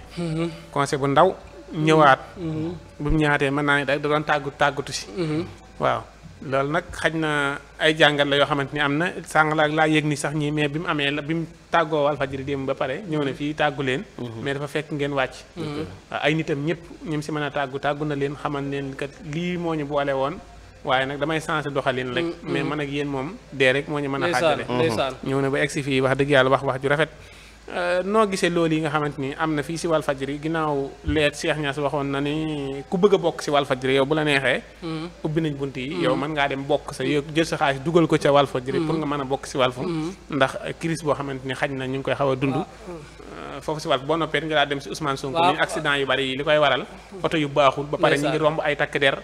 conseil bu ndaw ñëwaat. bu mu ñaatee mën naa ne da doon tàggu tàggatu si. waaw. loolu nag xaj na ay jàngat la yoo xamante ni am na sàng la laa yëg ni sax ñii mais bi mu amee la bi mu tàggoo Walfadjri démb ba pare ñëw ne fii tàggu leen mhm. mais dafa fekk ngeen wàcc waaw ay nitam ñëpp ñim si mën a tàggu tàggu na leen xamal leen kat lii moo ñu boole woon waaye nag damay changé doxalin rek mm-hmm. mais man ak yéen moom dee rek moo ñu mën a xaajale ñëw na ba egsi fii wax dëgg yàlla wax wax ju rafet Euh, noo gisee loolu yi nga xamante ni am na fii si Walfadjri ginnaaw leet Cheikh Niass waxoon na ni ku bëgg a bokk si Walfadjri yow bu la neexee. Mm-hmm. ubbi nañ bunt yi. Mm-hmm. yow mën ngaa dem bokk sa yow jël sa xaalis dugal ko ca Walfadjri. pour mm-hmm. nga mën a bokk si Walf. ndax crise boo xamante ni xaj na ñu ngi koy xaw a dund. Euh, foofu si Walf boo noppee nga daa dem si Ousmane Sonko. waaw accident yu bari yi li koy waral. oto yu baaxul ba pare ñu ngi romb ay takk der.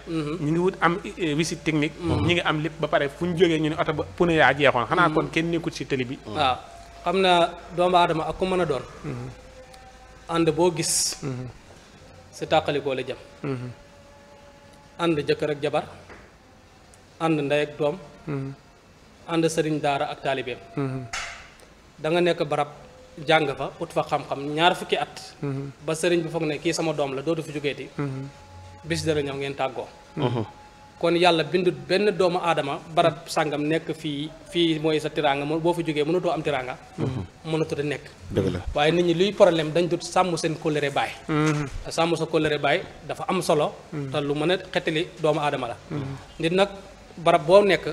ñu ngi wut am euh, visite technique. ñu ngi am lépp ba pare fu ñu jógee ñu ne oto ba pneu xanaa kon kenn nekkut si tëli bi waaw xam naa doomu aadama ak ku mën a doon mhm. ànd boo gis mhm. si tàqalikoo la jëm mhm. ànd jëkkër ak jabar ànd ndey ak doom ànd sëriñ daara ak taalibeem da nekk barab jàng fa ut fa xam-xam ñaar fukki at ba sëriñ bi foog ne kii sama doom la dootu fi jógeeti bis dara ñëw ngeen tàggoo kon yàlla bindut benn doomu aadama barab sàngam nekk fii fii mooy sa tiraanga boo fa jógee mënatoo am tiraanga mm-hmm. mënatoo di nekk dëgg la waaye nit ñi luy problème dañ dut sàmm seen kóllëre baay mm-hmm. sàmm sa kóllëre baay dafa am solo mm-hmm. te lu mën a xettali doomu aadama la nit nag barab boo nekk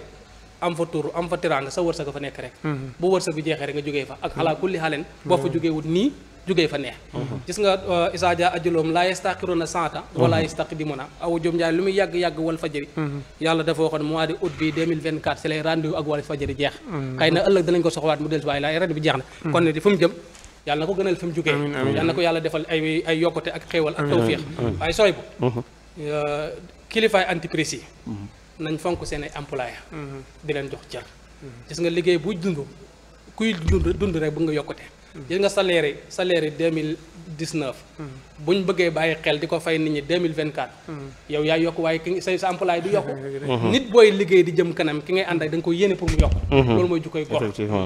am fa tur am fa tiraanga sa wërsëg fa nekk rek bu wërsëg bi jeexee rek nga jógee fa ak xalaa kulli xaleen boo fa jógee wut nii jógee fa neex mhm. gis nga euh, Issa Dia ajaloom laa yastaqiruna saata wala mhm. yastaqdimuna aw jom Ndiaye lu muy yàgg-yàgg wal fajëri mhm. yàlla dafa waxoon mois de août bi 2024 c'est les rendez-vous ak wal fajëri jeex xëy na ëllëg danañ ko soxlawaat mu dellusi waaye laa ren bi jeex na kon ne fu mu jëm yàlla na ko gënal fi mu jógee yàlla na ko yàlla defal ay ay yokkute ak xéewal ak tawfiix waaye sooy bu euh, kilifaay entreprise yi nañ fonk seen ay employé di leen jox cër gis nga liggéey buy dund kuy dund dund rek bu nga yokkute gis nga salaire yi salaire yi deux mille dix neuf. bu ñu bëggee bàyyi xel di ko fay nit ñi deux mille vingt quatre. yow yaay yokk waaye ki say sa employé du yokk. Mhm. nit booy liggéey di jëm kanam ki ngay ànd ak ko yéene pour mu yokk. Mhm. loolu mooy jukkoy gor.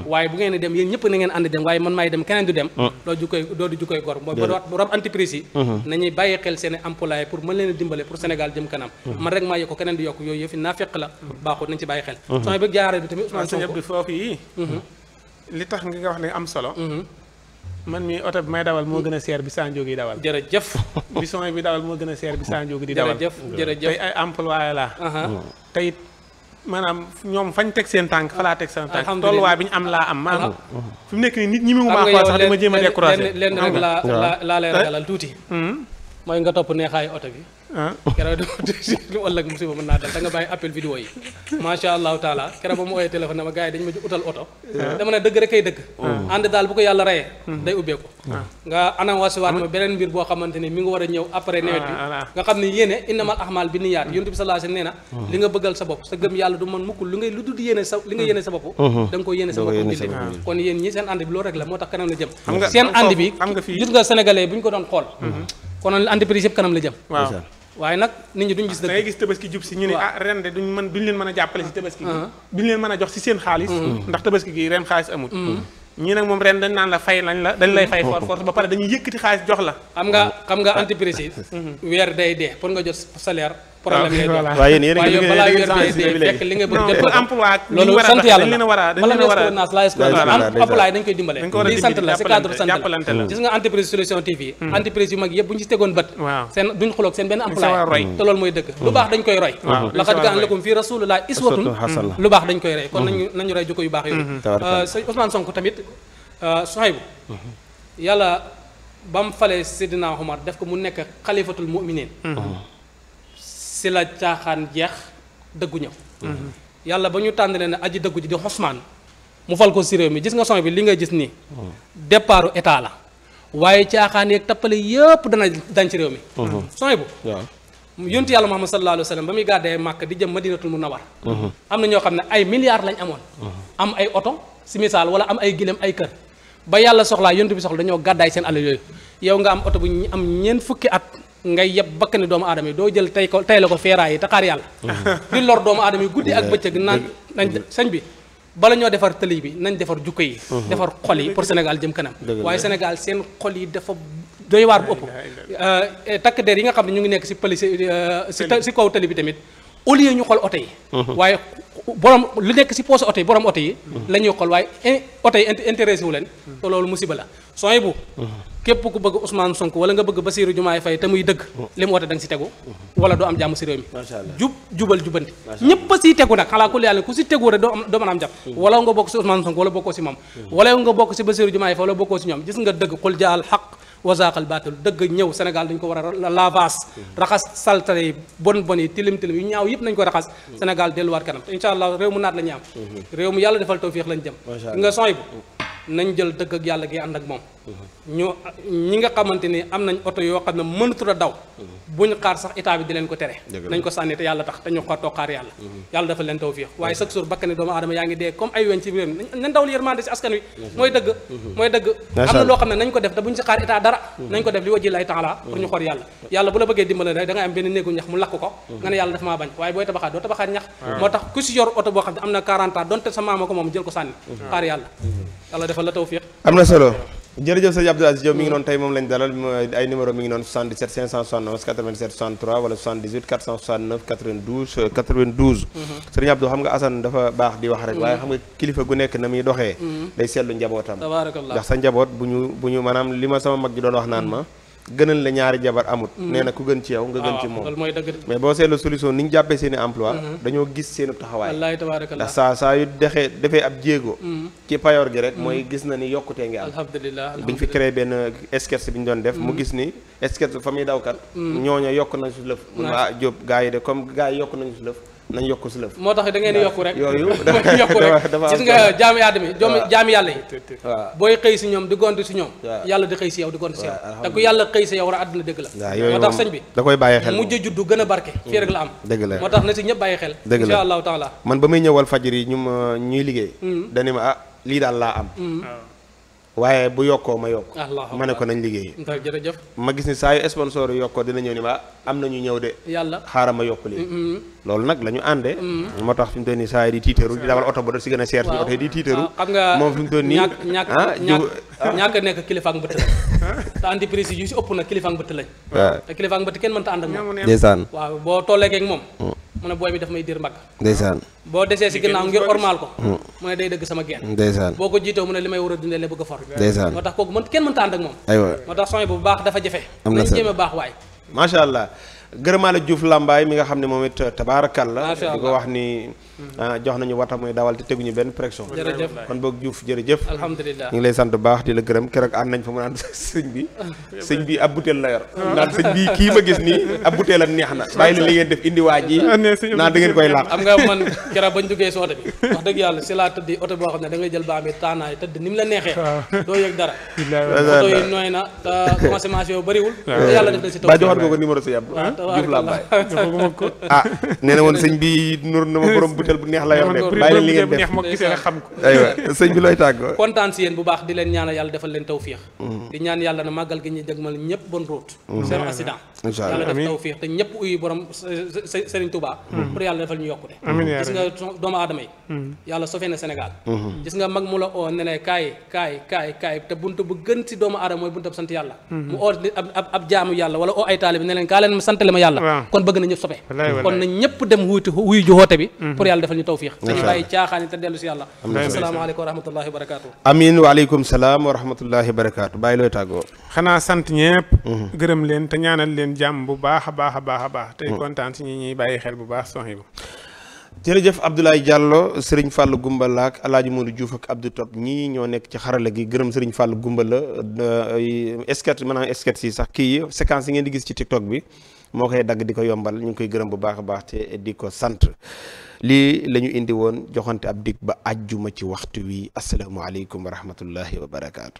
waaye bu ngeen di dem yéen ñëpp na ànd dem waaye man maay dem keneen du dem. doodu mhm. jukkoy gor. mooy ba rob entreprise yi. nañuy bàyyi xel seen employé pour mën leen dimbale pour Sénégal jëm kanam. li tax nga wax ne am solo. Mm-hmm. man mi oto bi may dawal moo gën a seer bi saa njóog yi dawal. jërëjëf. bison bi dawal moo gën a seer bi saa njóog di dawal. jërëjëf jërëjëf tey ay employé laa. Uh-huh. Mm-hmm. tey maanaam ñoom fañ teg seen tànk fa laa teg seen tànk. alhamdulilah tolluwaay bi ñu am laa am. Uh-huh. maanaam fi mu nekk nii nit ñi mu ma xool sax dama jéem a découragé. lenn lenn rek laa laa lay eh? ragalal tuuti. Hmm? mooy nga topp neexaayu oto bi. ah keroog lu ëllëg musiba mën naa dal da nga bàyyi appel vidéo yi macha allahu taala keroog ba mu ooyee téléphone dama gars yi ma ci utal oto. dama ne dëgg rek kay dëgg. Oh. ànd daal bu ko yàlla rayee. Hmm. day ubbeeku. Ah. nga annoncé waat ma beneen mbir boo xamante ni mi ngi war a ñëw après nawet bi. Ah, nga xam ne yéene innamal ahmaal bi niyaat yonent bi sallallahu alayhi wa sallam oh. li nga bëggal sa bopp sa gëm yàlla du mën mukk lu ngay lu yéene sa li nga yéene sa la moo tax kanam konoon entreprise yëpp kanam la jëm waaw waaye nag nit ñi duñ gis da ngay gis tabaski jub si ñu ne ah ren de duñ mën duñ leen mën a jàppale si tabaski gi uh-huh. duñ leen mën a jox si seen xaalis mm-hmm. Mm-hmm. ndax tabaski gi ren xaalis amul mm-hmm. ñii nag moom ren dañ naan la fay lañ la dañ lay fay for force ba pare dañuy yëkkati xaalis jox la xam nga xam nga entreprise yi weer day dee pour nga jot salaire problème lay doon waaw yéen yéen a ngi balaa yor PSD nga bëgg def emploi loolu sant yàlla ma la escrownance la escrownance emploi yi dañ koy dimbale lii la si cadre sant la gis nga entreprise solution TV hmm. entreprise yu mag yëpp bu ñu si tegoon bët seen duñ xuloog seen benn employé hmm. te loolu mooy dëgg lu baax dañ koy roy hmm. laqad kaana lakum fii rasulullah iswatun lu baax dañ koy roy kon nañu nañu roy yu baax yooyu euh, sëñ Ousmane tamit euh, Souhaïbou yàlla si la caaxaan jeex dëggu ñëw mm-hmm. yàlla ba ñu tànnalee ne aji dëggu ji di Ousmane mu fal ko si réew mi gis nga son bi li nga gis nii mm-hmm. départu état la waaye caaxaan yeeg tappale yëpp dana dañ ci réew mi mm-hmm. son bu yontu yàlla Muhammad sallallahu alayhi wa sallam ba muy gàddee Màkka di jëm Madinatul Munawwar am na ñoo xam ne ay milliards lañ amoon am ay oto si misaal wala am ay gilem ay kër ba yàlla soxlaa yontu bi soxla dañoo gàddaay seen alal yooyu yow nga am oto bu am ngay bakk bakkani doomu aadama yi doo jël tey ko tey la ko feeraay yi te xaar yàlla mm-hmm. di lor doomu aadama yi guddi ak bëccëg naan nañ sañ bi bala ñoo defar tëli bi nañ defar jukko yi mm-hmm. defar xol yi pour Sénégal jëm kanam waaye Sénégal seen xol yi dafa doy waar bu ëpp euh, takk der yi nga xam ne ñu ngi nekk si pëli si euh, si kaw tëli bi tamit au lieu ñu xool oto yi. Mhm. waaye borom lu nekk si poche oto yi borom oto yi. Mhm. la ñuy xool waaye in oto yi intéressé wu leen. Mhm. te loolu musiba la sooy bu. képp ku bëgg Ousmane Sonko wala nga bëgg Bassirou Diomaye Faye te muy dëgg. li mu woote da nga si tegu. wala doo am jàmm si réew mi. jubal jubanti. ñëpp a siy tegu nag xalaa ku yàlla ku si tegu rek doo am a am jàmm. wala nga bokk si Ousmane Sonko wala bokkoo si moom. wala nga bokk si Bassirou Diomaye Faye wala bokkoo si ñoom gis nga dëgg xul jaal xaq wasaqal baatal dëgg ñëw Sénégal dañ ko war a lavage raxas saltale yi bon bon yi tilim tilim yu ñaaw yëpp nañ ko raxas mm-hmm. Sénégal delluwaat kanam te allah réew mu naat la ñu am mm-hmm. réew mu yàlla defal tawfiix lañ jëm nga sony bu nañ jël dëgg a daw buñ xaar sax état bi di leen ko si askan wi mooy dëgg mooy dëgg am na loo xam ne nañ ko def te buñ si xaar état dara nañ ko def li wajji lay taala pour ñu xool yàlla yàlla bu la bëggee dimbale da nga am benn néegu ñax mu lakk ko nga ne yàlla dafa maa bañ waaye booy tabaxaat doo tabaxaat ñax ah. moo tax ku si yor oto boo xam ne am na 40 ans donte sa maama ko moom jël ko sànni ah. xaar yàlla defal la tawfiq am na solo jërëjëf sëñ Abdou Aziz Diop mi ngi noonu tey moom lañ dalal ay numéro mi ngi noonu 77 571 87 63 wala 78 469 92 92 sëriñ Abdou xam nga Assane dafa baax di wax rek waaye mm-hmm. xam nga kilifa gu nekk na muy doxee mm-hmm. day seetlu njabootam ndax sa njaboot bu ñu bu ñu maanaam li ma sama mag ji doon wax naan ma gënal la ñaari jabar amut. Mm-hmm. nee na ku gën ci yow nga gën ci ah, moom mais boo seetloo solution ni ñu jàppee seen i emploi mm-hmm. dañoo gis seen taxawaay. ndax saa saa yu dexee defee ab jéego. Mm-hmm. ci payoor gi rek mooy gis na ni yokkutee ngi am. alhamdulilah bi ñu fi créé benn esquerce bi ñu doon def. mu gis ni esquerce fa muy dawkat ñooñu yokk nañ su lëf. ah Diop gaa yi de comme gaa yokk nañ su lëf. nañ yokk si lëf moo tax da ngeen yokku rek yooyu mooy yokku rek gis nga jaami aadama joom jaami yàlla yi booy xëy si ñoom di gont si ñoom yàlla di xëy si yow di gont si yow te ku yàlla xëy si yow war a àdduna dëgg la moo tax sëñ bi da koy bàyyi xel mujj juddu gën a barke mm. fii rek la am dëgg la moo tax na si ñëpp bàyyi xel dëgg la insha allahu taala man ba may ñëwal fajar yi ñu ma ñuy liggéey mm. dañu ma ah lii daal laa am mm. ah. waaye bu yokkoo ma yokk ma ne ko nañ liggéey jërëjëf ma gis ni saa yu sponsor yu yokkoo dina ñëw ni ma am na ñu ñëw de xaaral ma yokk lii loolu nag la ñu àndee moo tax fi mu toll nii saa yi di tiitaru di dawal oto ba daf si gën a seer suñu oto yi di tiitaru xam nga moom fi mu toll nii ñàkk ñàkk ah, nekk kilifa mbëtt lañ te entreprise yi si ëpp na kilifa ak mbëtt lañ te kilifa ak mbëtt kenn mënta ànd ak moom ndeysaan waaw boo tolleekee moom mm. mu ne booy bi daf may diir mbagg ndeysaan boo desee si ginnaaw ngir ormaal ko mm. mu ne day dëgg sama geen ndeysaan boo ko jiitoo mu ne li may war a dundee la bëgg a for ndeysaan moo tax kooku mën kenn mënta ànd ak moom aywa moo tax sony bu baax dafa jafe am na jéem a baax waay gërëmaa gërëmaale Diouf Lambaay mi nga xam ne moom it euh, tabaarakàlla di ko wax ni hmm. ah, jox nañu wata muy dawal te ñu benn pression kon boog Diouf jërëjëf alhamdulilah ñu ngi lay sant bu baax di la gërëm keroog ànd nañ fa mu naan sëñ bi bi ab butéel la yor ah. bi kii ma gis nii ab butéel la neex na bàyyi li ngeen def indi waa ji ah, naan da ngeen koy laax am nga man keroog bañ duggee laa tëddi oto boo ne da ngay jël baa mi taanaay tëdd ni mu la neexee doo yëg dara na te consommation bariwul yàlla def na si ba joxoon nga ko numéro si yàb Diouf Lambaye. ah nee na woon sëñ bi nur na ma borom butel bu neex la yor de bàyyi leen li ngeen def ma gisee nga xam ko. aywa sëñ bi looy tàggoo. kontaan si yéen bu baax di leen ñaanal yàlla defal leen tawfiix. Mm-hmm. di ñaan yàlla na màggal gi ñu jëgmal ñëpp bon route. Mm-hmm. seen accident. incha allah yàlla def tawfiix te ñëpp uyu borom Serigne Touba. Mm-hmm. pour yàlla defal ñu yokkute. gis nga doomu aadama yi. yàlla sofee na Sénégal. gis nga mag mu la oo ne kaay kaay kaay kaay te buntu bu gën si doomu fàttali yàlla kon bëgg nañu ñëpp sope kon na ñëpp dem wuuti wuyu ji woote bi mhm. pour yàlla defal ñu tawfiix dañu bàyyi caaxaani te dellu si yàlla asalaamaaleykum wa rahmatullahi wa barakatu amin waaleykum salaam wa rahmatullahi wa barakatu bàyyi looy tàggoo xanaa sant ñëpp mhm. gërëm leen te ñaanal leen jàmm bu baax a baax a baax a baax tey mhm. kontaan si ñi ñuy bàyyi xel bu baax soxi bu jërëjëf Abdoulaye Diallo Serigne Fall Gumbala ak El Hadj Modou Diouf ak Abdou Top ñii ñoo nekk ci xarala gi gërëm Serigne Fall Gumbala euh, sketch maanaam sketch yi sax kii yi séquence di gis ci TikTok bi. moo koy dagg di ko yombal ñu ngi koy gërëm bu baax baax te di ko sant lii la ñu indi woon joxante ab dig ba àjjuma ci waxtu wi asalaamaaleykum wa rahmatullahi wa barakaatu.